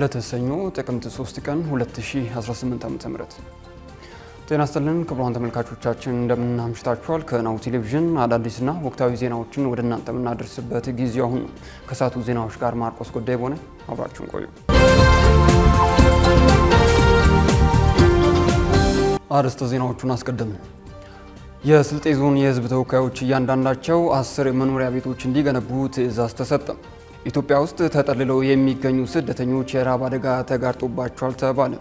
ዕለተሰኞ ጥቅምት 3 ቀን 2018 ዓ.ም ጤና ይስጥልን ክቡራን ተመልካቾቻችን እንደምን አምሽታችኋል። ከናሁ ቴሌቪዥን አዳዲስና ወቅታዊ ዜናዎችን ወደ እናንተ የምናደርስበት ጊዜ አሁን። ከሳቱ ዜናዎች ጋር ማርቆስ ጉዳይ በሆነ አብራችሁን ቆዩ። አርዕስተ ዜናዎቹን አስቀድምን። የስልጤ ዞን የህዝብ ተወካዮች እያንዳንዳቸው አስር መኖሪያ ቤቶች እንዲገነቡ ትዕዛዝ ተሰጠም። ኢትዮጵያ ውስጥ ተጠልለው የሚገኙ ስደተኞች የረሃብ አደጋ ተጋርጦባቸዋል ተባለ።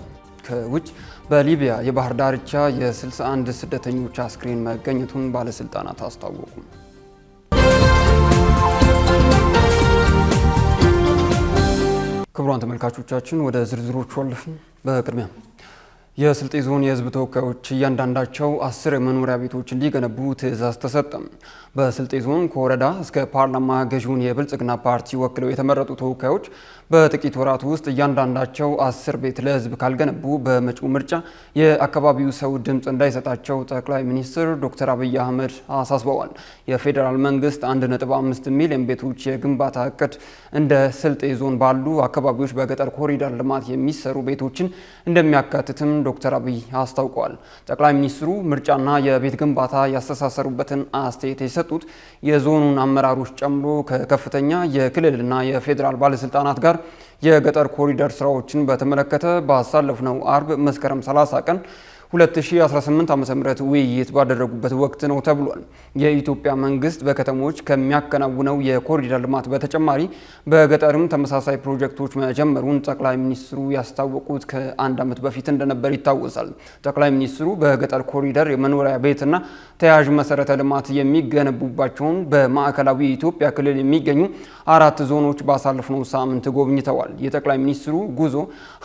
ከውጭ በሊቢያ የባህር ዳርቻ የ61 ስደተኞች አስክሬን መገኘቱን ባለስልጣናት አስታወቁ። ክቡራን ተመልካቾቻችን ወደ ዝርዝሮቹ አለፍን። በቅድሚያ የስልጤ ዞን የህዝብ ተወካዮች እያንዳንዳቸው አስር መኖሪያ ቤቶች እንዲገነቡ ትዕዛዝ ተሰጠም። በስልጤ ዞን ከወረዳ እስከ ፓርላማ ገዢውን የብልጽግና ፓርቲ ወክለው የተመረጡ ተወካዮች በጥቂት ወራት ውስጥ እያንዳንዳቸው አስር ቤት ለህዝብ ካልገነቡ በመጪው ምርጫ የአካባቢው ሰው ድምፅ እንዳይሰጣቸው ጠቅላይ ሚኒስትር ዶክተር አብይ አህመድ አሳስበዋል። የፌዴራል መንግስት 1.5 ሚሊዮን ቤቶች የግንባታ እቅድ እንደ ስልጤ ዞን ባሉ አካባቢዎች በገጠር ኮሪደር ልማት የሚሰሩ ቤቶችን እንደሚያካትትም ዶክተር አብይ አስታውቀዋል። ጠቅላይ ሚኒስትሩ ምርጫና የቤት ግንባታ ያስተሳሰሩበትን አስተያየት የሰጡት የዞኑን አመራሮች ጨምሮ ከከፍተኛ የክልልና የፌዴራል ባለስልጣናት ጋር የገጠር ኮሪደር ስራዎችን በተመለከተ ባሳለፍነው አርብ መስከረም 30 ቀን 2018 ዓ ም ውይይት ባደረጉበት ወቅት ነው ተብሏል። የኢትዮጵያ መንግስት በከተሞች ከሚያከናውነው የኮሪደር ልማት በተጨማሪ በገጠርም ተመሳሳይ ፕሮጀክቶች መጀመሩን ጠቅላይ ሚኒስትሩ ያስታወቁት ከአንድ ዓመት በፊት እንደነበር ይታወሳል። ጠቅላይ ሚኒስትሩ በገጠር ኮሪደር የመኖሪያ ቤትና ተያያዥ መሰረተ ልማት የሚገነቡባቸውን በማዕከላዊ ኢትዮጵያ ክልል የሚገኙ አራት ዞኖች ባሳለፍነው ሳምንት ጎብኝተዋል። የጠቅላይ ሚኒስትሩ ጉዞ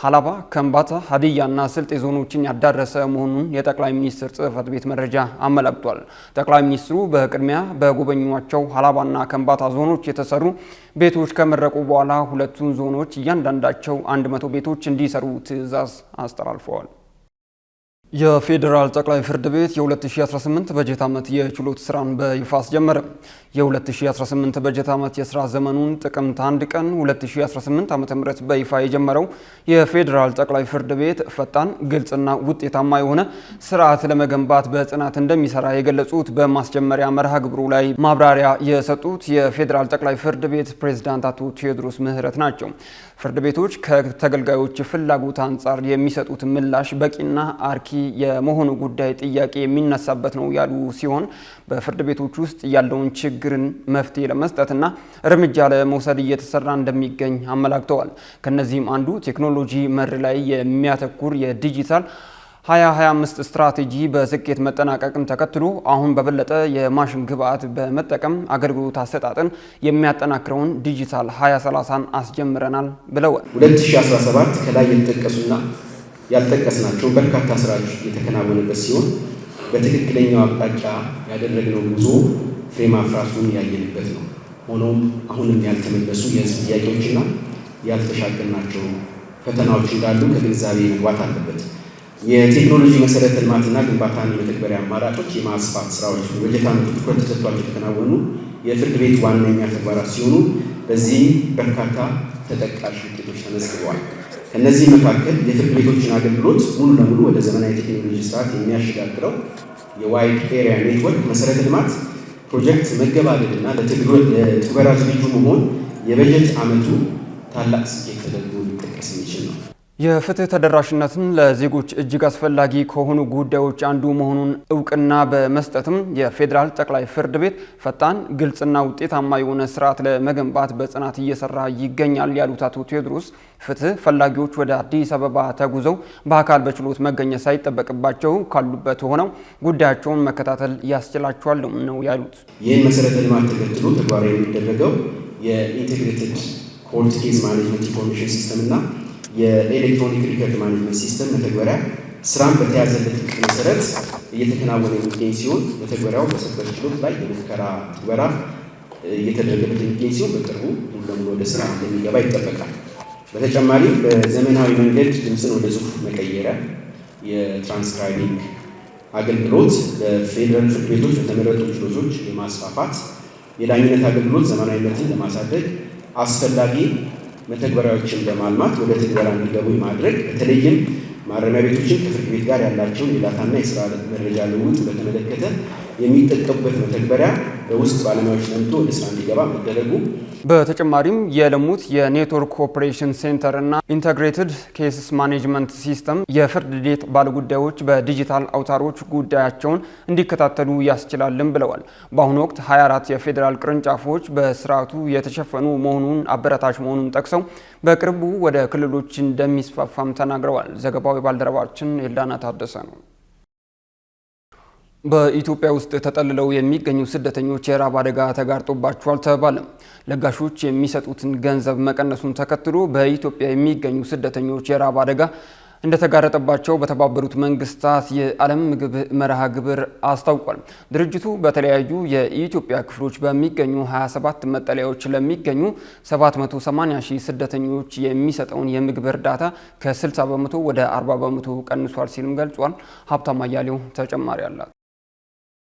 ሀላባ፣ ከምባታ፣ ሀዲያና ስልጤ ዞኖችን ያዳረሰ መሆኑን የጠቅላይ ሚኒስትር ጽህፈት ቤት መረጃ አመላክቷል። ጠቅላይ ሚኒስትሩ በቅድሚያ በጎበኟቸው ሀላባና ከምባታ ዞኖች የተሰሩ ቤቶች ከመረቁ በኋላ ሁለቱን ዞኖች እያንዳንዳቸው 100 ቤቶች እንዲሰሩ ትዕዛዝ አስተላልፈዋል። የፌዴራል ጠቅላይ ፍርድ ቤት የ2018 በጀት ዓመት የችሎት ስራን በይፋ አስጀመረ። የ2018 በጀት ዓመት የስራ ዘመኑን ጥቅምት 1 ቀን 2018 ዓ.ም በይፋ የጀመረው የፌዴራል ጠቅላይ ፍርድ ቤት ፈጣን፣ ግልጽና ውጤታማ የሆነ ስርዓት ለመገንባት በጽናት እንደሚሰራ የገለጹት በማስጀመሪያ መርሃ ግብሩ ላይ ማብራሪያ የሰጡት የፌዴራል ጠቅላይ ፍርድ ቤት ፕሬዝዳንት አቶ ቴዎድሮስ ምህረት ናቸው። ፍርድ ቤቶች ከተገልጋዮች ፍላጎት አንጻር የሚሰጡት ምላሽ በቂና አርኪ የመሆኑ ጉዳይ ጥያቄ የሚነሳበት ነው ያሉ ሲሆን በፍርድ ቤቶች ውስጥ ያለውን ችግርን መፍትሄ ለመስጠትና እርምጃ ለመውሰድ እየተሰራ እንደሚገኝ አመላክተዋል። ከነዚህም አንዱ ቴክኖሎጂ መር ላይ የሚያተኩር የዲጂታል 2025 ስትራቴጂ በስኬት መጠናቀቅን ተከትሎ አሁን በበለጠ የማሽን ግብዓት በመጠቀም አገልግሎት አሰጣጥን የሚያጠናክረውን ዲጂታል 2030ን አስጀምረናል ብለዋል። 2017 ከላይ የተጠቀሱና ያልጠቀስናቸው በርካታ ስራዎች የተከናወነበት ሲሆን በትክክለኛው አቅጣጫ ያደረግነው ጉዞ ፍሬ ማፍራቱን ያየንበት ነው። ሆኖም አሁንም ያልተመለሱ የህዝብ ጥያቄዎችና ያልተሻገርናቸው ፈተናዎች እንዳሉ ከግንዛቤ መግባት አለበት። የቴክኖሎጂ መሰረተ ልማትና ግንባታን የመተግበሪያ አማራጮች የማስፋት ስራዎች በጀት ዓመቱ ትኩረት ተሰጥቷቸው የተከናወኑ የፍርድ ቤት ዋነኛ ተግባራት ሲሆኑ በዚህም በርካታ ተጠቃሽ ውጤቶች ተመዝግበዋል። ከእነዚህ መካከል የፍርድ ቤቶችን አገልግሎት ሙሉ ለሙሉ ወደ ዘመናዊ ቴክኖሎጂ ስርዓት የሚያሸጋግረው የዋይድ ኤሪያ ኔትወርክ መሰረተ ልማት ፕሮጀክት መገባደድና ለትግበራ ዝግጁ መሆን የበጀት ዓመቱ ታላቅ ስኬት ተደርጎ ሊጠቀስ የሚችል ነው። የፍትህ ተደራሽነትን ለዜጎች እጅግ አስፈላጊ ከሆኑ ጉዳዮች አንዱ መሆኑን እውቅና በመስጠትም የፌዴራል ጠቅላይ ፍርድ ቤት ፈጣን፣ ግልጽና ውጤታማ የሆነ ስርዓት ለመገንባት በጽናት እየሰራ ይገኛል ያሉት አቶ ቴዎድሮስ ፍትህ ፈላጊዎች ወደ አዲስ አበባ ተጉዘው በአካል በችሎት መገኘት ሳይጠበቅባቸው ካሉበት ሆነው ጉዳያቸውን መከታተል ያስችላቸዋል ነው ያሉት። ይህን መሰረተ ልማት ተከትሎ ተግባራዊ የሚደረገው የኢንቴግሬትድ ኮርት ኬዝ ማኔጅመንት ኢንፎርሜሽን ሲስተም የኤሌክትሮኒክ ሪከርድ ማኔጅመንት ሲስተም መተግበሪያ ስራም በተያዘለት መሰረት እየተከናወነ የሚገኝ ሲሆን መተግበሪያው በሰበር ችሎት ላይ የሙከራ ትግበራ እየተደረገበት የሚገኝ ሲሆን በቅርቡ ሙሉ ለሙሉ ወደ ስራ እንደሚገባ ይጠበቃል። በተጨማሪም በዘመናዊ መንገድ ድምፅን ወደ ጽሁፍ መቀየረ የትራንስክራይቢንግ አገልግሎት በፌዴራል ፍርድ ቤቶች በተመረጡ ችሎቶች የማስፋፋት የዳኝነት አገልግሎት ዘመናዊነትን ለማሳደግ አስፈላጊ መተግበሪያዎችን በማልማት ወደ ትግበራ እንዲገቡ ማድረግ በተለይም ማረሚያ ቤቶችን ከፍርድ ቤት ጋር ያላቸውን የዳታና የስራ መረጃ ልውውጥ በተመለከተ የሚጠቀሙበት መተግበሪያ በውስጥ ባለሙያዎች ለምቶ ወደ ስራ እንዲገባ መደረጉ በተጨማሪም የልሙት የኔትወርክ ኦፕሬሽን ሴንተር እና ኢንተግሬትድ ኬስስ ማኔጅመንት ሲስተም የፍርድ ቤት ባለጉዳዮች በዲጂታል አውታሮች ጉዳያቸውን እንዲከታተሉ ያስችላልን ብለዋል። በአሁኑ ወቅት 24 የፌዴራል ቅርንጫፎች በስርዓቱ የተሸፈኑ መሆኑን አበረታች መሆኑን ጠቅሰው በቅርቡ ወደ ክልሎች እንደሚስፋፋም ተናግረዋል። ዘገባው የባልደረባችን ኤልዳና ታደሰ ነው። በኢትዮጵያ ውስጥ ተጠልለው የሚገኙ ስደተኞች የራብ አደጋ ተጋርጦባቸዋል ተባለ። ለጋሾች የሚሰጡትን ገንዘብ መቀነሱን ተከትሎ በኢትዮጵያ የሚገኙ ስደተኞች የራብ አደጋ እንደተጋረጠባቸው በተባበሩት መንግስታት የዓለም ምግብ መርሃ ግብር አስታውቋል። ድርጅቱ በተለያዩ የኢትዮጵያ ክፍሎች በሚገኙ 27 መጠለያዎች ለሚገኙ 780 ሺህ ስደተኞች የሚሰጠውን የምግብ እርዳታ ከ60 በመቶ ወደ 40 በመቶ ቀንሷል ሲልም ገልጿል። ሀብታም አያሌው ተጨማሪ አላት።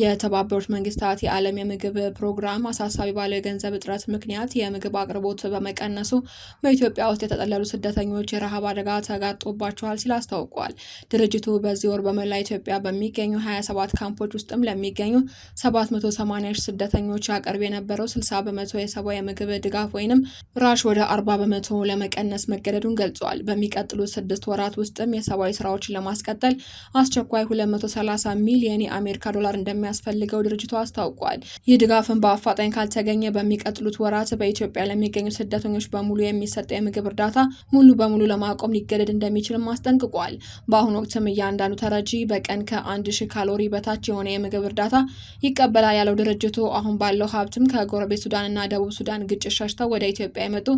የተባበሩት መንግስታት የዓለም የምግብ ፕሮግራም አሳሳቢ ባለው የገንዘብ እጥረት ምክንያት የምግብ አቅርቦት በመቀነሱ በኢትዮጵያ ውስጥ የተጠለሉ ስደተኞች የረሃብ አደጋ ተጋርጦባቸዋል ሲል አስታውቋል። ድርጅቱ በዚህ ወር በመላ ኢትዮጵያ በሚገኙ 27 ካምፖች ውስጥም ለሚገኙ 780 ስደተኞች ያቀርብ የነበረው 60 በመቶ የሰብአዊ የምግብ ድጋፍ ወይንም ራሽ ወደ 40 በመቶ ለመቀነስ መገደዱን ገልጿል። በሚቀጥሉት ስድስት ወራት ውስጥም የሰብአዊ ስራዎችን ለማስቀጠል አስቸኳይ 230 ሚሊየን የአሜሪካ ዶላር እንደሚ እንደሚያስፈልገው ድርጅቱ አስታውቋል። ይህ ድጋፍን በአፋጣኝ ካልተገኘ በሚቀጥሉት ወራት በኢትዮጵያ ለሚገኙ ስደተኞች በሙሉ የሚሰጠው የምግብ እርዳታ ሙሉ በሙሉ ለማቆም ሊገደድ እንደሚችልም አስጠንቅቋል። በአሁኑ ወቅትም እያንዳንዱ ተረጂ በቀን ከአንድ ሺህ ካሎሪ በታች የሆነ የምግብ እርዳታ ይቀበላል ያለው ድርጅቱ አሁን ባለው ሀብትም ከጎረቤት ሱዳን እና ደቡብ ሱዳን ግጭት ሸሽተው ወደ ኢትዮጵያ የመጡ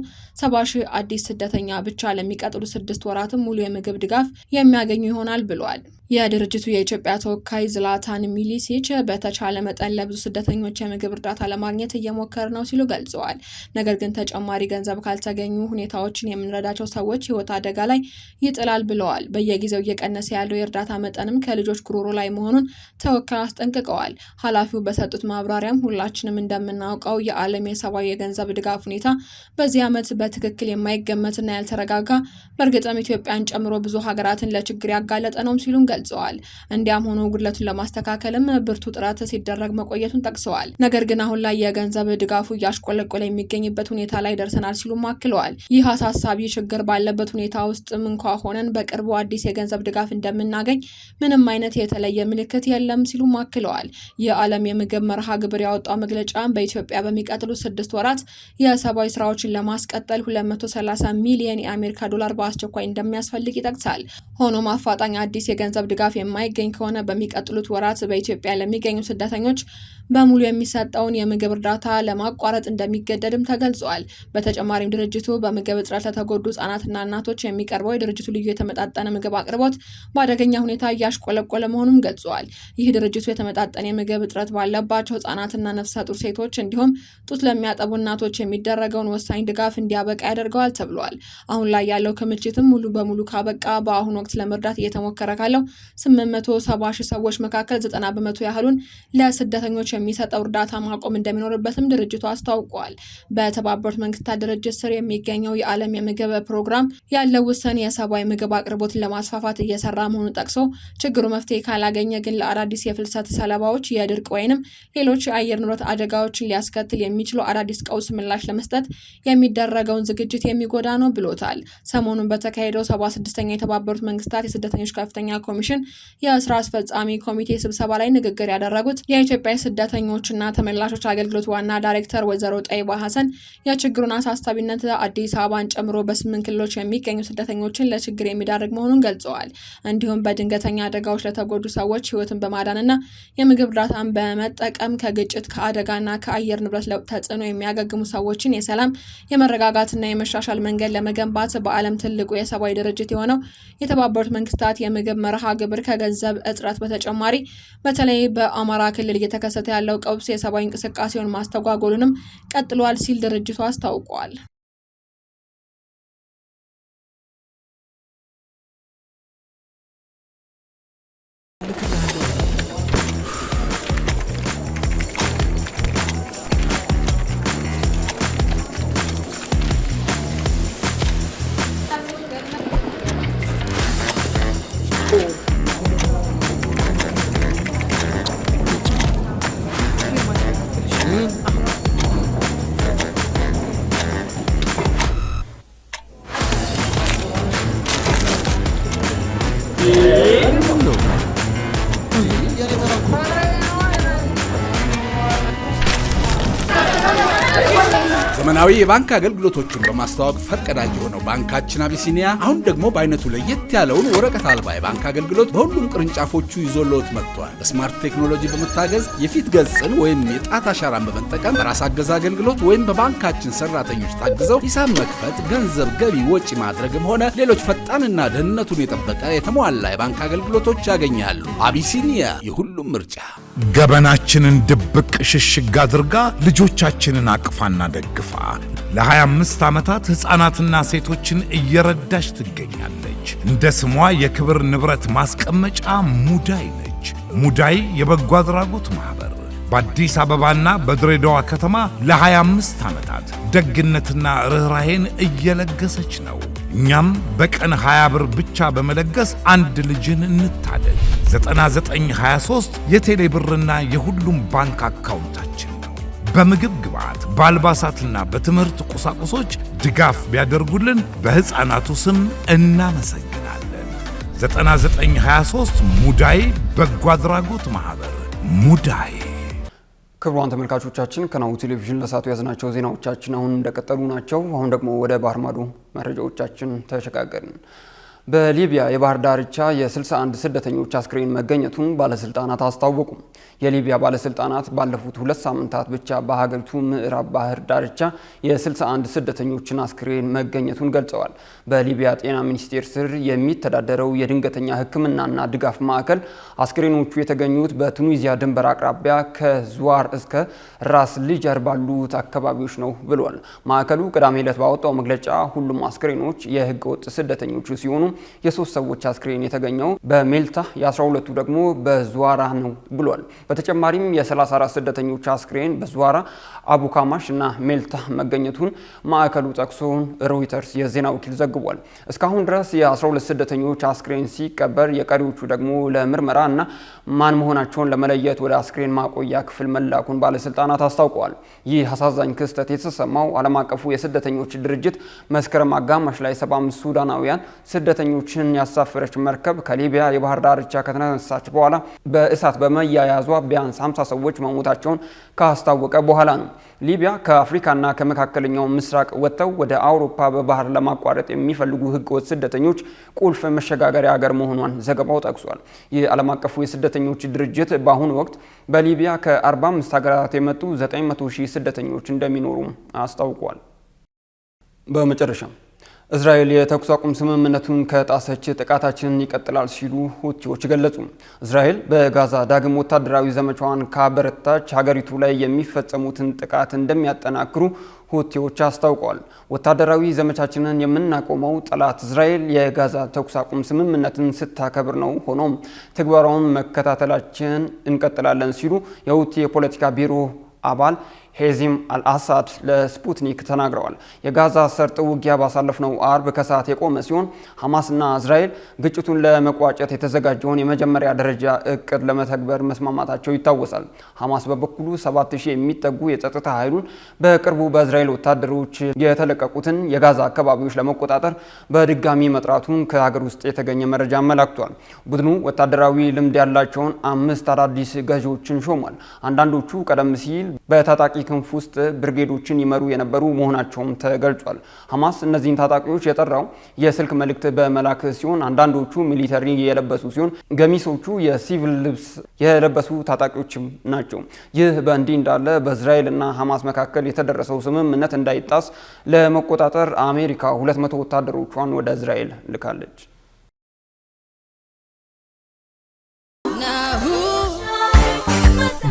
ሰባ ሺህ አዲስ ስደተኛ ብቻ ለሚቀጥሉ ስድስት ወራትም ሙሉ የምግብ ድጋፍ የሚያገኙ ይሆናል ብሏል። የድርጅቱ የኢትዮጵያ ተወካይ ዝላታን ሚሊሲች በተቻለ መጠን ለብዙ ስደተኞች የምግብ እርዳታ ለማግኘት እየሞከር ነው ሲሉ ገልጸዋል። ነገር ግን ተጨማሪ ገንዘብ ካልተገኙ ሁኔታዎችን የምንረዳቸው ሰዎች ሕይወት አደጋ ላይ ይጥላል ብለዋል። በየጊዜው እየቀነሰ ያለው የእርዳታ መጠንም ከልጆች ጉሮሮ ላይ መሆኑን ተወካዩ አስጠንቅቀዋል። ኃላፊው በሰጡት ማብራሪያም ሁላችንም እንደምናውቀው የዓለም የሰብአዊ የገንዘብ ድጋፍ ሁኔታ በዚህ ዓመት በትክክል የማይገመትና ያልተረጋጋ በእርግጥም ኢትዮጵያን ጨምሮ ብዙ ሀገራትን ለችግር ያጋለጠ ነው ሲሉ። ገልጸዋል። ገልጸዋል። እንዲያም ሆኖ ጉድለቱን ለማስተካከልም ብርቱ ጥረት ሲደረግ መቆየቱን ጠቅሰዋል። ነገር ግን አሁን ላይ የገንዘብ ድጋፉ እያሽቆለቆለ የሚገኝበት ሁኔታ ላይ ደርሰናል ሲሉም አክለዋል። ይህ አሳሳቢ ችግር ባለበት ሁኔታ ውስጥም እንኳ ሆነን በቅርቡ አዲስ የገንዘብ ድጋፍ እንደምናገኝ ምንም አይነት የተለየ ምልክት የለም ሲሉም አክለዋል። የዓለም የምግብ መርሃ ግብር ያወጣው መግለጫ በኢትዮጵያ በሚቀጥሉት ስድስት ወራት የሰብአዊ ስራዎችን ለማስቀጠል 230 ሚሊዮን የአሜሪካ ዶላር በአስቸኳይ እንደሚያስፈልግ ይጠቅሳል። ሆኖም አፋጣኝ አዲስ የገንዘብ የገንዘብ ድጋፍ የማይገኝ ከሆነ በሚቀጥሉት ወራት በኢትዮጵያ ለሚገኙ ስደተኞች በሙሉ የሚሰጠውን የምግብ እርዳታ ለማቋረጥ እንደሚገደድም ተገልጿል። በተጨማሪም ድርጅቱ በምግብ እጥረት ለተጎዱ ህጻናትና እናቶች የሚቀርበው የድርጅቱ ልዩ የተመጣጠነ ምግብ አቅርቦት በአደገኛ ሁኔታ እያሽቆለቆለ መሆኑም ገልጿል። ይህ ድርጅቱ የተመጣጠነ የምግብ እጥረት ባለባቸው ህጻናትና ነፍሰ ጡር ሴቶች እንዲሁም ጡት ለሚያጠቡ እናቶች የሚደረገውን ወሳኝ ድጋፍ እንዲያበቃ ያደርገዋል ተብሏል። አሁን ላይ ያለው ክምችትም ሙሉ በሙሉ ካበቃ በአሁኑ ወቅት ለመርዳት እየተሞከረ ካለው 870 ሺህ ሰዎች መካከል 90 በመቶ ያህሉን ለስደተኞች የሚሰጠው እርዳታ ማቆም እንደሚኖርበትም ድርጅቱ አስታውቋል። በተባበሩት መንግስታት ድርጅት ስር የሚገኘው የዓለም የምግብ ፕሮግራም ያለው ውሰን የሰብአዊ ምግብ አቅርቦትን ለማስፋፋት እየሰራ መሆኑን ጠቅሶ ችግሩ መፍትሄ ካላገኘ ግን ለአዳዲስ የፍልሰት ሰለባዎች የድርቅ ወይንም ሌሎች የአየር ንብረት አደጋዎችን ሊያስከትል የሚችሉ አዳዲስ ቀውስ ምላሽ ለመስጠት የሚደረገውን ዝግጅት የሚጎዳ ነው ብሎታል። ሰሞኑን በተካሄደው ሰባስድስተኛ የተባበሩት መንግስታት የስደተኞች ከፍተኛ ኮሚሽን ኮሚሽን የስራ አስፈጻሚ ኮሚቴ ስብሰባ ላይ ንግግር ያደረጉት የኢትዮጵያ ስደተኞችና ተመላሾች አገልግሎት ዋና ዳይሬክተር ወይዘሮ ጠይባ ሀሰን የችግሩን አሳሳቢነት አዲስ አበባን ጨምሮ በስምንት ክልሎች የሚገኙ ስደተኞችን ለችግር የሚዳርግ መሆኑን ገልጸዋል። እንዲሁም በድንገተኛ አደጋዎች ለተጎዱ ሰዎች ህይወትን በማዳንና የምግብ እርዳታን በመጠቀም ከግጭት ከአደጋና ከአየር ንብረት ለውጥ ተጽዕኖ የሚያገግሙ ሰዎችን የሰላም የመረጋጋትና የመሻሻል መንገድ ለመገንባት በዓለም ትልቁ የሰብአዊ ድርጅት የሆነው የተባበሩት መንግስታት የምግብ መርሃ ግብር ከገንዘብ እጥረት በተጨማሪ በተለይ በአማራ ክልል እየተከሰተ ያለው ቀውስ የሰብአዊ እንቅስቃሴውን ማስተጓጎሉንም ቀጥሏል ሲል ድርጅቱ አስታውቋል። how are የባንክ አገልግሎቶችን በማስተዋወቅ ፈርቀዳጅ የሆነው ባንካችን አቢሲኒያ አሁን ደግሞ በአይነቱ ለየት ያለውን ወረቀት አልባ የባንክ አገልግሎት በሁሉም ቅርንጫፎቹ ይዞልዎት መጥቷል። በስማርት ቴክኖሎጂ በመታገዝ የፊት ገጽን ወይም የጣት አሻራን በመጠቀም በራስ አገዝ አገልግሎት ወይም በባንካችን ሰራተኞች ታግዘው ሂሳብ መክፈት፣ ገንዘብ ገቢ ወጪ ማድረግም ሆነ ሌሎች ፈጣንና ደህንነቱን የጠበቀ የተሟላ የባንክ አገልግሎቶች ያገኛሉ። አቢሲኒያ የሁሉም ምርጫ። ገበናችንን ድብቅ ሽሽግ አድርጋ ልጆቻችንን አቅፋና ደግፋ ለ25 ዓመታት ሕፃናትና ሴቶችን እየረዳች ትገኛለች። እንደ ስሟ የክብር ንብረት ማስቀመጫ ሙዳይ ነች። ሙዳይ የበጎ አድራጎት ማኅበር በአዲስ አበባና በድሬዳዋ ከተማ ለ25 ዓመታት ደግነትና ርኅራሄን እየለገሰች ነው። እኛም በቀን 20 ብር ብቻ በመለገስ አንድ ልጅን እንታደግ። 9923 የቴሌ ብርና የሁሉም ባንክ አካውንታችን በምግብ ግብዓት በአልባሳትና በትምህርት ቁሳቁሶች ድጋፍ ቢያደርጉልን በሕፃናቱ ስም እናመሰግናለን። 9923 ሙዳይ በጎ አድራጎት ማኅበር ሙዳይ። ክቡራን ተመልካቾቻችን ከናሁ ቴሌቪዥን ለሳቱ ያዝናቸው ዜናዎቻችን አሁን እንደቀጠሉ ናቸው። አሁን ደግሞ ወደ ባህር ማዶ መረጃዎቻችን ተሸጋገርን። በሊቢያ የባህር ዳርቻ የ61 ስደተኞች አስክሬን መገኘቱን ባለስልጣናት አስታወቁ። የሊቢያ ባለስልጣናት ባለፉት ሁለት ሳምንታት ብቻ በሀገሪቱ ምዕራብ ባህር ዳርቻ የ61 ስደተኞችን አስክሬን መገኘቱን ገልጸዋል። በሊቢያ ጤና ሚኒስቴር ስር የሚተዳደረው የድንገተኛ ሕክምናና ድጋፍ ማዕከል አስክሬኖቹ የተገኙት በቱኒዚያ ድንበር አቅራቢያ ከዙዋር እስከ ራስ ሊጀር ባሉት አካባቢዎች ነው ብሏል። ማዕከሉ ቅዳሜ ዕለት ባወጣው መግለጫ ሁሉም አስክሬኖች የህገወጥ ወጥ ስደተኞቹ ሲሆኑ የሶስት ሰዎች አስክሬን የተገኘው በሜልታ የ12ቱ ደግሞ በዙዋራ ነው ብሏል። በተጨማሪም የ34 ስደተኞች አስክሬን በዙዋራ አቡካማሽ እና ሜልታ መገኘቱን ማዕከሉ ጠቅሶ ሮይተርስ የዜና ወኪል ዘግቧል። እስካሁን ድረስ የ12 ስደተኞች አስክሬን ሲቀበር የቀሪዎቹ ደግሞ ለምርመራ እና ማን መሆናቸውን ለመለየት ወደ አስክሬን ማቆያ ክፍል መላኩን ባለስልጣናት አስታውቀዋል። ይህ አሳዛኝ ክስተት የተሰማው ዓለም አቀፉ የስደተኞች ድርጅት መስከረም አጋማሽ ላይ 75 ሱዳናውያን ስደተ ስደተኞችን ያሳፈረች መርከብ ከሊቢያ የባህር ዳርቻ ከተነሳች በኋላ በእሳት በመያያዟ ቢያንስ 50 ሰዎች መሞታቸውን ካስታወቀ በኋላ ነው። ሊቢያ ከአፍሪካና ከመካከለኛው ምስራቅ ወጥተው ወደ አውሮፓ በባህር ለማቋረጥ የሚፈልጉ ህገወጥ ስደተኞች ቁልፍ መሸጋገሪያ ሀገር መሆኗን ዘገባው ጠቅሷል። የዓለም አቀፉ የስደተኞች ድርጅት በአሁኑ ወቅት በሊቢያ ከ45 ሀገራት የመጡ 900 ሺህ ስደተኞች እንደሚኖሩም አስታውቋል። በመጨረሻም እስራኤል የተኩስ አቁም ስምምነቱን ከጣሰች ጥቃታችንን ይቀጥላል ሲሉ ሁቲዎች ገለጹ። እስራኤል በጋዛ ዳግም ወታደራዊ ዘመቻዋን ካበረታች ሀገሪቱ ላይ የሚፈጸሙትን ጥቃት እንደሚያጠናክሩ ሁቲዎች አስታውቀዋል። ወታደራዊ ዘመቻችንን የምናቆመው ጠላት እስራኤል የጋዛ ተኩስ አቁም ስምምነትን ስታከብር ነው፣ ሆኖም ተግባራውን መከታተላችን እንቀጥላለን ሲሉ የሁቲ የፖለቲካ ቢሮ አባል ሄዚም አልአሳድ ለስፑትኒክ ተናግረዋል። የጋዛ ሰርጥ ውጊያ ባሳለፍነው አርብ ከሰዓት የቆመ ሲሆን ሐማስና እስራኤል ግጭቱን ለመቋጨት የተዘጋጀውን የመጀመሪያ ደረጃ እቅድ ለመተግበር መስማማታቸው ይታወሳል። ሐማስ በበኩሉ 7000 የሚጠጉ የጸጥታ ኃይሉን በቅርቡ በእስራኤል ወታደሮች የተለቀቁትን የጋዛ አካባቢዎች ለመቆጣጠር በድጋሚ መጥራቱን ከሀገር ውስጥ የተገኘ መረጃ አመላክቷል። ቡድኑ ወታደራዊ ልምድ ያላቸውን አምስት አዳዲስ ገዢዎችን ሾሟል። አንዳንዶቹ ቀደም ሲል በታጣቂ ክንፍ ውስጥ ብርጌዶችን ይመሩ የነበሩ መሆናቸውም ተገልጿል። ሐማስ እነዚህን ታጣቂዎች የጠራው የስልክ መልእክት በመላክ ሲሆን አንዳንዶቹ ሚሊተሪ የለበሱ ሲሆን ገሚሶቹ የሲቪል ልብስ የለበሱ ታጣቂዎችም ናቸው። ይህ በእንዲህ እንዳለ በእስራኤል እና ሐማስ መካከል የተደረሰው ስምምነት እንዳይጣስ ለመቆጣጠር አሜሪካ 200 ወታደሮቿን ወደ እስራኤል ልካለች።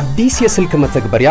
አዲስ የስልክ መተግበሪያ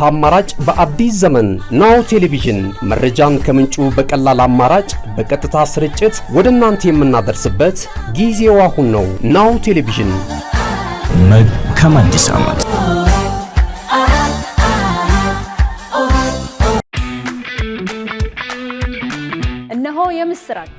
አማራጭ በአዲስ ዘመን ናሁ ቴሌቪዥን መረጃን ከምንጩ በቀላል አማራጭ በቀጥታ ስርጭት ወደ እናንተ የምናደርስበት ጊዜው አሁን ነው። ናሁ ቴሌቪዥን መልካም አዲስ ዓመት። እነሆ የምስራች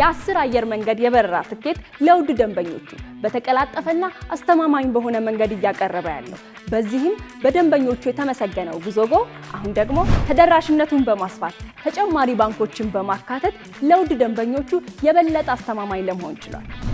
የአስር አየር መንገድ የበረራ ትኬት ለውድ ደንበኞቹ በተቀላጠፈና አስተማማኝ በሆነ መንገድ እያቀረበ ያለው በዚህም በደንበኞቹ የተመሰገነው ጉዞጎ አሁን ደግሞ ተደራሽነቱን በማስፋት ተጨማሪ ባንኮችን በማካተት ለውድ ደንበኞቹ የበለጠ አስተማማኝ ለመሆን ችሏል።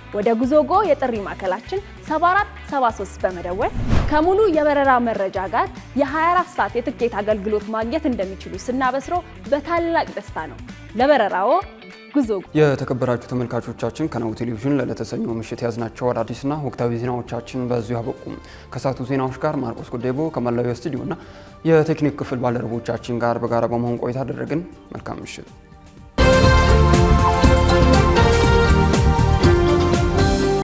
ወደ ጉዞጎ የጥሪ ማዕከላችን 7473 በመደወል ከሙሉ የበረራ መረጃ ጋር የ24 ሰዓት የትኬት አገልግሎት ማግኘት እንደሚችሉ ስናበስሮ በታላቅ ደስታ ነው። ለበረራዎ ጉዞ። የተከበራችሁ ተመልካቾቻችን ከናሁ ቴሌቪዥን ለለተሰኘው ምሽት ያዝናቸው አዳዲስና ወቅታዊ ዜናዎቻችን በዚሁ አበቁም። ከሳቱ ዜናዎች ጋር ማርቆስ ጉዴቦ ከመላው ስቱዲዮና የቴክኒክ ክፍል ባልደረቦቻችን ጋር በጋራ በመሆን ቆይታ አደረግን። መልካም ምሽት።